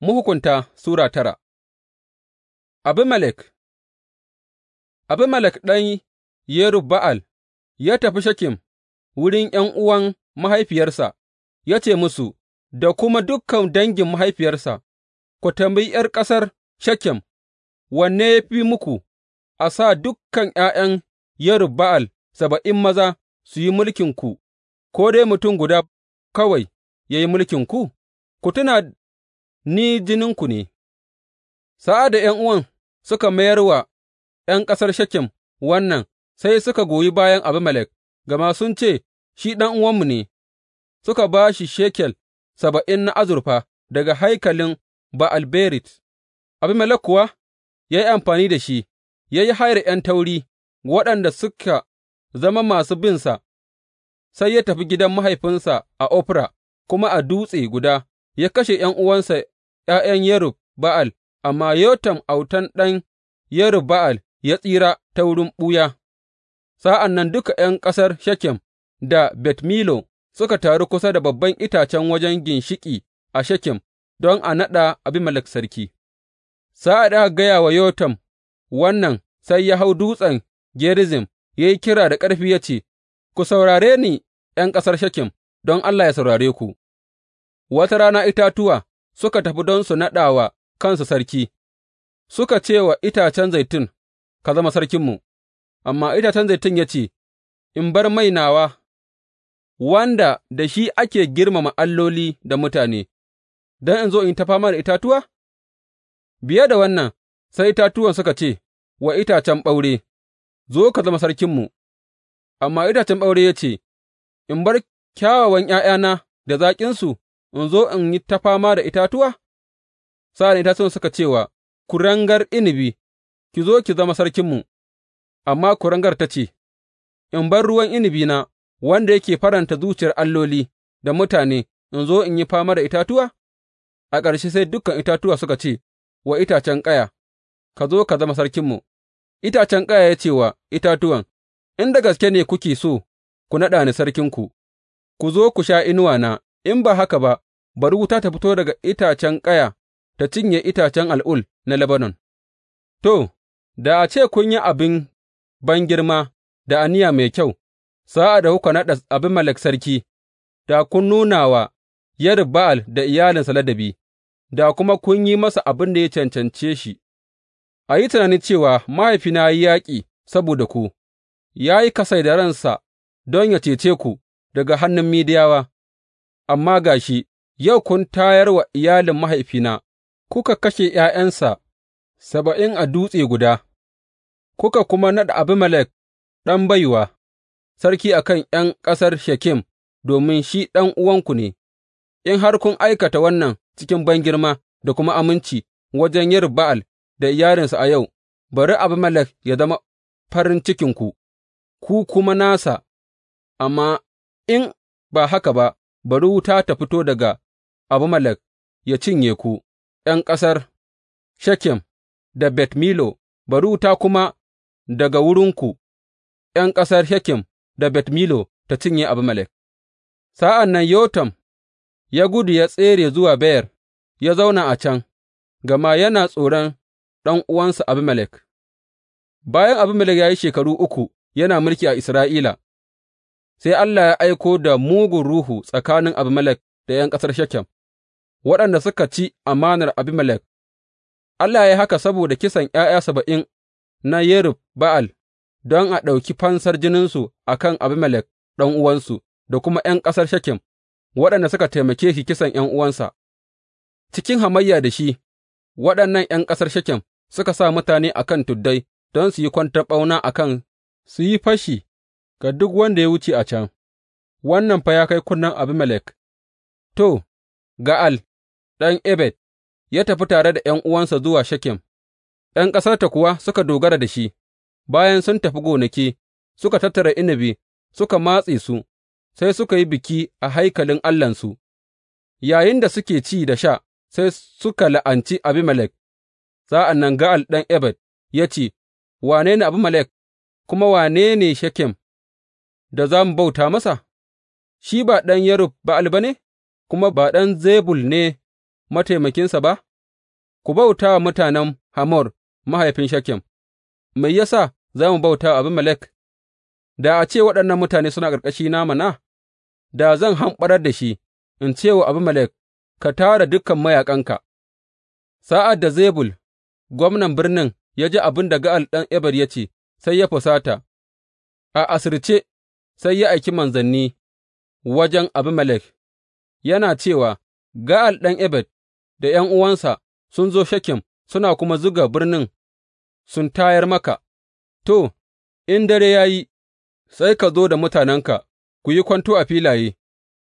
Mahukunta Sura tara Abimelek Abimelek ɗan Yerub Ba'al ya tafi Shekem wurin ’yan'uwan mahaifiyarsa, ya ce musu, da kuma dukan dangin mahaifiyarsa, Ku tambayi ’yar ƙasar Shekem, wanne ya fi muku, a sa dukkan ’ya'yan Yerub Ba'al saba'in maza su yi mulkinku, ko dai mutum guda kawai ya yi mulkinku? Ku tuna Ni jininku ne, sa'ad da ’yan'uwan suka mayar wa ’yan ƙasar Shekem wannan, sai suka goyi bayan Abimelek, gama sun ce, Shi ɗan'uwanmu ne, suka ba shi shekel saba'in na azurfa daga haikalin Ba'al Berit, Abimelek kuwa ya yi amfani da shi, ya yi hayar ’yan tauri waɗanda suka zama masu binsa, sai ya tafi gidan mahaifinsa a Ofra, kuma a dutse guda ya kashe ’yan'uwansa ’ya'yan Yerub Ba'al, amma Yotam autan ɗan Yerub Ba'al ya tsira ta wurin ɓuya. Sa'an nan duka ’yan ƙasar Shekem da Bet Millo suka taru kusa da babban itacen wajen ginshiƙi a Shekem don a naɗa Abimelek sarki. Sa'ad da aka gaya wa Yotam wannan, sai ya hau dutsen Gerizim ya yi kira da ƙarfi ya ce, Ku saurare ni, ’yan ƙasar Shekem, don Allah ya saurare ku. Wata rana itatuwa suka tafi don su naɗa wa kansu sarki, suka ce wa itacen zaitun, Ka zama sarkinmu, amma itacen zaitun ya ce, In bar mai nawa, wanda da shi ake girmama alloli da mutane, don in zo in ta fama da itatuwa? Biye da wannan, sai itatuwan suka ce wa itacen ɓaure, Zo ka zama sarkinmu, amma itacen ɓaure ya ce, In bar kyawawan ’ya'yana da zaƙinsu in zo in yi ta fama da itatuwa? Sa'an da itatuwan suka ce wa kurangar inibi Ki zo ki zama sarkinmu, amma kurangar ta ce, In bar ruwan na wanda yake faranta zuciyar alloli da mutane in zo in yi fama da itatuwa? A ƙarshe sai dukan itatuwa suka ce wa itacen ƙaya, Ka zo ka zama sarkinmu. Itacen ƙaya ya ce wa itatuwan, In da gaske ne kuke so ku naɗa ni sarkinku, ku zo ku sha inuwa na. in ba haka ba, bari wuta ta fito daga itacen ƙaya ta cinye itacen al'ul na Lebanon. To, da a ce kun yi abin bangirma da aniya mai kyau, sa'ad da kuka naɗa abin malak sarki, da kun nuna wa Yerub Ba'al da iyalinsa ladabi, da kuma kun yi masa abin da ya cancance shi, a yi tunanin cewa mahaifina ya yi yaƙi saboda ku, ya yi kasai da ransa don ya cece ku daga hannun Midiyawa, amma ga shi, yau kun tayar wa iyalin mahaifina, kuka kashe ’ya'yansa saba'in a dutse guda, kuka kuma naɗa Abimelek ɗan baiwa, sarki a kan ’yan ƙasar Shekem, domin shi uwanku ne, in har kun aikata wannan cikin bangirma da kuma aminci wajen yin Ba'al da iyalinsa a yau, bari Abimelek ya zama farin cikinku, ku kuma nasa, amma in ba haka ba, bari wuta ta fito daga Abimelek ya cinye ku, ’yan ƙasar Shekem da Bet Milo, bari wuta kuma daga wurinku, ’yan ƙasar Shekem da Bet Milo ta cinye Abimelek. Sa'an nan Yotam ya gudu ya tsere zuwa Beyer, ya zauna a can, gama yana tsoron ɗan'uwansa Abimelek. Bayan Abimelek ya yi shekaru uku yana mulki a Isra'ila, sai Allah ya aiko da mugun ruhu tsakanin Abimelek da ’yan ƙasar Shekem, waɗanda suka ci amanar Abimelek, Allah ya haka saboda kisan ’ya'ya saba'in na Yerub Ba'al don a ɗauki fansar jininsu a kan Abimelek uwansu da kuma ’yan ƙasar Shekem, waɗanda suka taimake shi kisan 'yan uwansa. Cikin hamayya da shi, waɗannan ’yan ƙasar Shekem suka sa mutane a kan tuddai don su yi kwanton ɓauna a kan su yi fashi ga duk wanda ya wuce a can, Wannan fa ya kai kunnen Abimelek, to, Ga'al ɗan Ebed ya tafi tare da uwansa zuwa Shekem, ’yan ƙasarta kuwa suka dogara da shi, bayan sun tafi gonaki, suka tattara inabi, suka matse su, sai suka yi biki a haikalin Allahnsu, da suke ci da sha, sai suka la'anci Abimelek, sa'an nan Ga'al ɗan Ebed ya ce, Wane ne Abimelek, kuma wane ne Shekem? da za mu bauta masa? Shi ba ɗan Yerub Ba'al ba ne, kuma ba ɗan Zebul ne mataimakinsa ba? Ku bauta wa mutanen Hamor mahaifin Shekem, me ya sa za mu bauta wa Abimelek? Da a ce waɗannan mutane suna ƙarƙashina mana, da zan hamɓarar da shi in ce wa Abimelek, ka tara dukan mayaƙanka. Sa'ad da Zebul, gwamnan birnin, ya ji abin da Ga'al ɗan Eber ya ce, sai ya fusata a asirce. sai ya aiki manzanni wajen Abimelek, yana cewa, Ga'al ɗan Ebed da ’yan'uwansa sun zo Shekem suna kuma zuga birnin sun tayar maka, to, in dare ya yi, sai ka zo da mutanenka ku yi kwanto a filaye,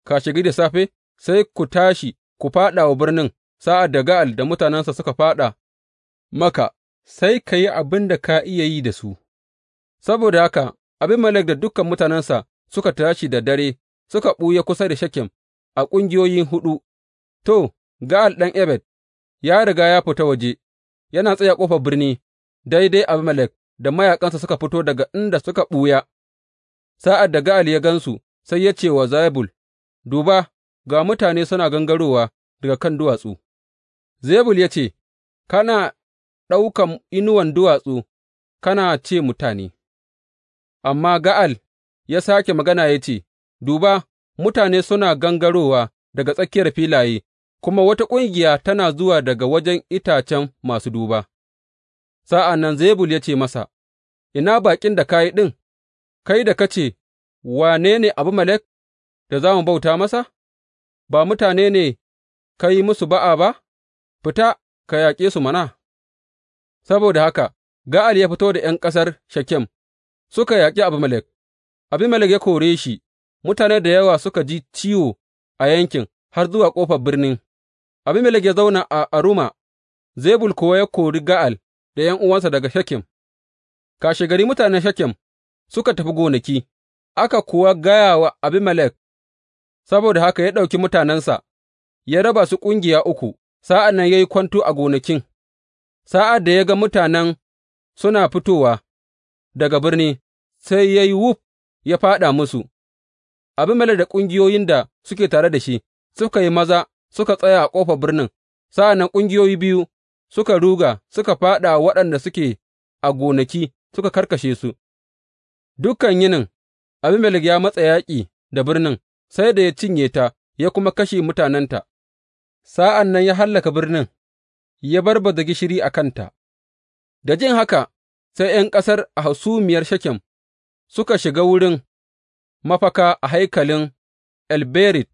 ka shiga da safe sai ku tashi ku fāɗa wa birnin sa'ad da Ga'al da mutanensa suka fāɗa maka, sai ka yi abin da ka iya yi da su, saboda haka Abimelek da dukan mutanensa suka tashi da dare suka ɓuya kusa da Shekem a ƙungiyoyi huɗu, to, Ga'al ɗan Ebed ya riga ya fita waje, yana tsaye a ƙofar birni, daidai Abimelek da mayaƙansa suka fito daga inda suka ɓuya. Sa'ad da Ga'al ya gansu sai ya ce wa Zebul, Duba, ga mutane suna gangarowa daga kan duwatsu. Zebul ya ce, Kana ɗaukan inuwan duwatsu, kana ce mutane. Amma Ga'al ya sāke magana ya ce, Duba, mutane suna gangarowa daga tsakiyar filaye, kuma wata ƙungiya tana zuwa daga wajen itacen masu duba. Sa'an nan Zebul ya ce masa, Ina baƙin da ka yi ɗin, kai da ka ce, Wane ne abu malek da za mu bauta masa? Ba mutane ne ka yi musu ba'a ba? Fita ka yaƙe su mana. Saboda haka, Ga'al ya fito da ’yan ƙasar Shekem suka yaƙi Abimelek, Abimelek ya kore shi, mutane da yawa suka ji ciwo a yankin har zuwa ƙofar birnin, Abimelek ya zauna a Aruma, Zebul kuwa ya kori Ga'al da 'yan'uwansa uwansa daga Shekem, kashegari mutanen Shekem suka tafi gonaki, aka kuwa gaya wa Abimelek, saboda haka ya ɗauki mutanensa, ya raba su ƙungiya uku, sa'an nan ya yi kwanto a gonakin, sa'ad da ya ga mutanen suna fitowa. daga birni, sai ya yi wuf ya fāɗa musu, Abimelek da ƙungiyoyin da suke tare da shi suka yi maza suka tsaya a ƙofar birnin, sa'an nan ƙungiyoyi biyu suka ruga suka fāɗa waɗanda suke a gonaki suka karkashe su. Dukan yinin, Abimelek ya matsa yaƙi da birnin, sai da ya cinye ta ya kuma kashe mutanenta, sa'an nan ya hallaka birnin, ya barbaza gishiri a kanta. Da jin haka, sai ’yan ƙasar a hasumiyar Shekem suka shiga wurin mafaka a haikalin Elberit,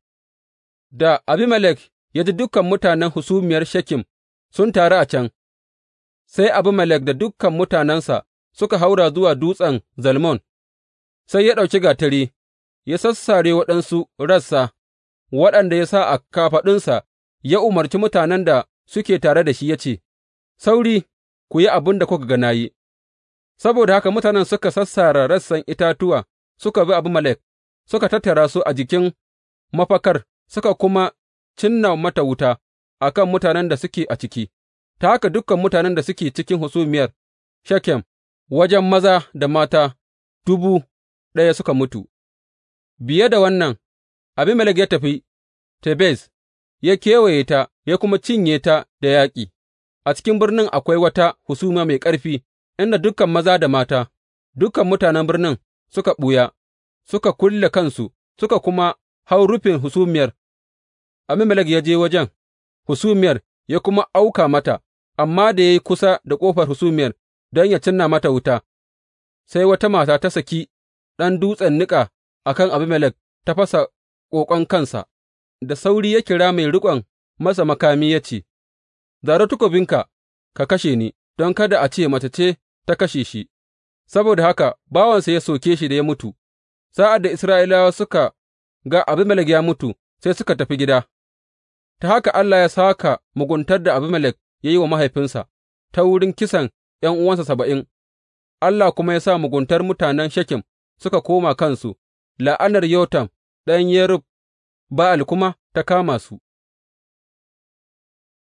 da Abimelek ya ji dukan mutanen hasumiyar Shekem sun taru a can, sai Abimelek da dukan mutanensa suka haura zuwa dutsen Zalmon, sai ya ɗauki gatari, ya sassare waɗansu rassa, waɗanda ya sa a kafaɗinsa ya umarci mutanen da suke tare da shi ya ce, Sauri, ku yi abin da kuka ga na yi. Saboda haka mutanen suka sassara rassan itatuwa suka bi Abimelek, suka tattara su a jikin mafakar suka kuma cinna mata wuta a kan mutanen da suke a ciki, ta haka dukan mutanen da suke cikin husumiyar Shekem wajen maza da mata dubu ɗaya suka mutu. Biye da wannan, Abimelek ya tafi Tebez, ya kewaye ta ya kuma cinye ta da yaƙi, a cikin birnin akwai wata husuma mai ƙarfi. inda dukan maza da mata, dukan mutanen birnin suka ɓuya, suka kulle kansu, suka kuma hau rufin husumiyar. Abimelek ya je wajen husumiyar ya kuma auka mata, amma da ya yi kusa da ƙofar husumiyar don ya cinna mata wuta, sai wata mata ta saki ɗan dutsen niƙa a kan Abimelek ta fasa ƙoƙon kansa, da sauri ya kira mai riƙon masa makami ya ce, zara tukubinka ka kashe ni, don kada a ce mace ce ta kashe shi, saboda haka bawansa ya soke shi da ya mutu, sa'ad da Isra'ilawa suka ga Abimelek ya mutu, sai suka tafi gida, ta haka Allah ya saka muguntar da Abimelek ya yi wa mahaifinsa ta wurin kisan ’yan uwansa saba'in, Allah kuma ya sa muguntar mutanen Shekem suka koma kansu, la'anar Yotam ɗan Yerub Ba'al kuma ta kama su.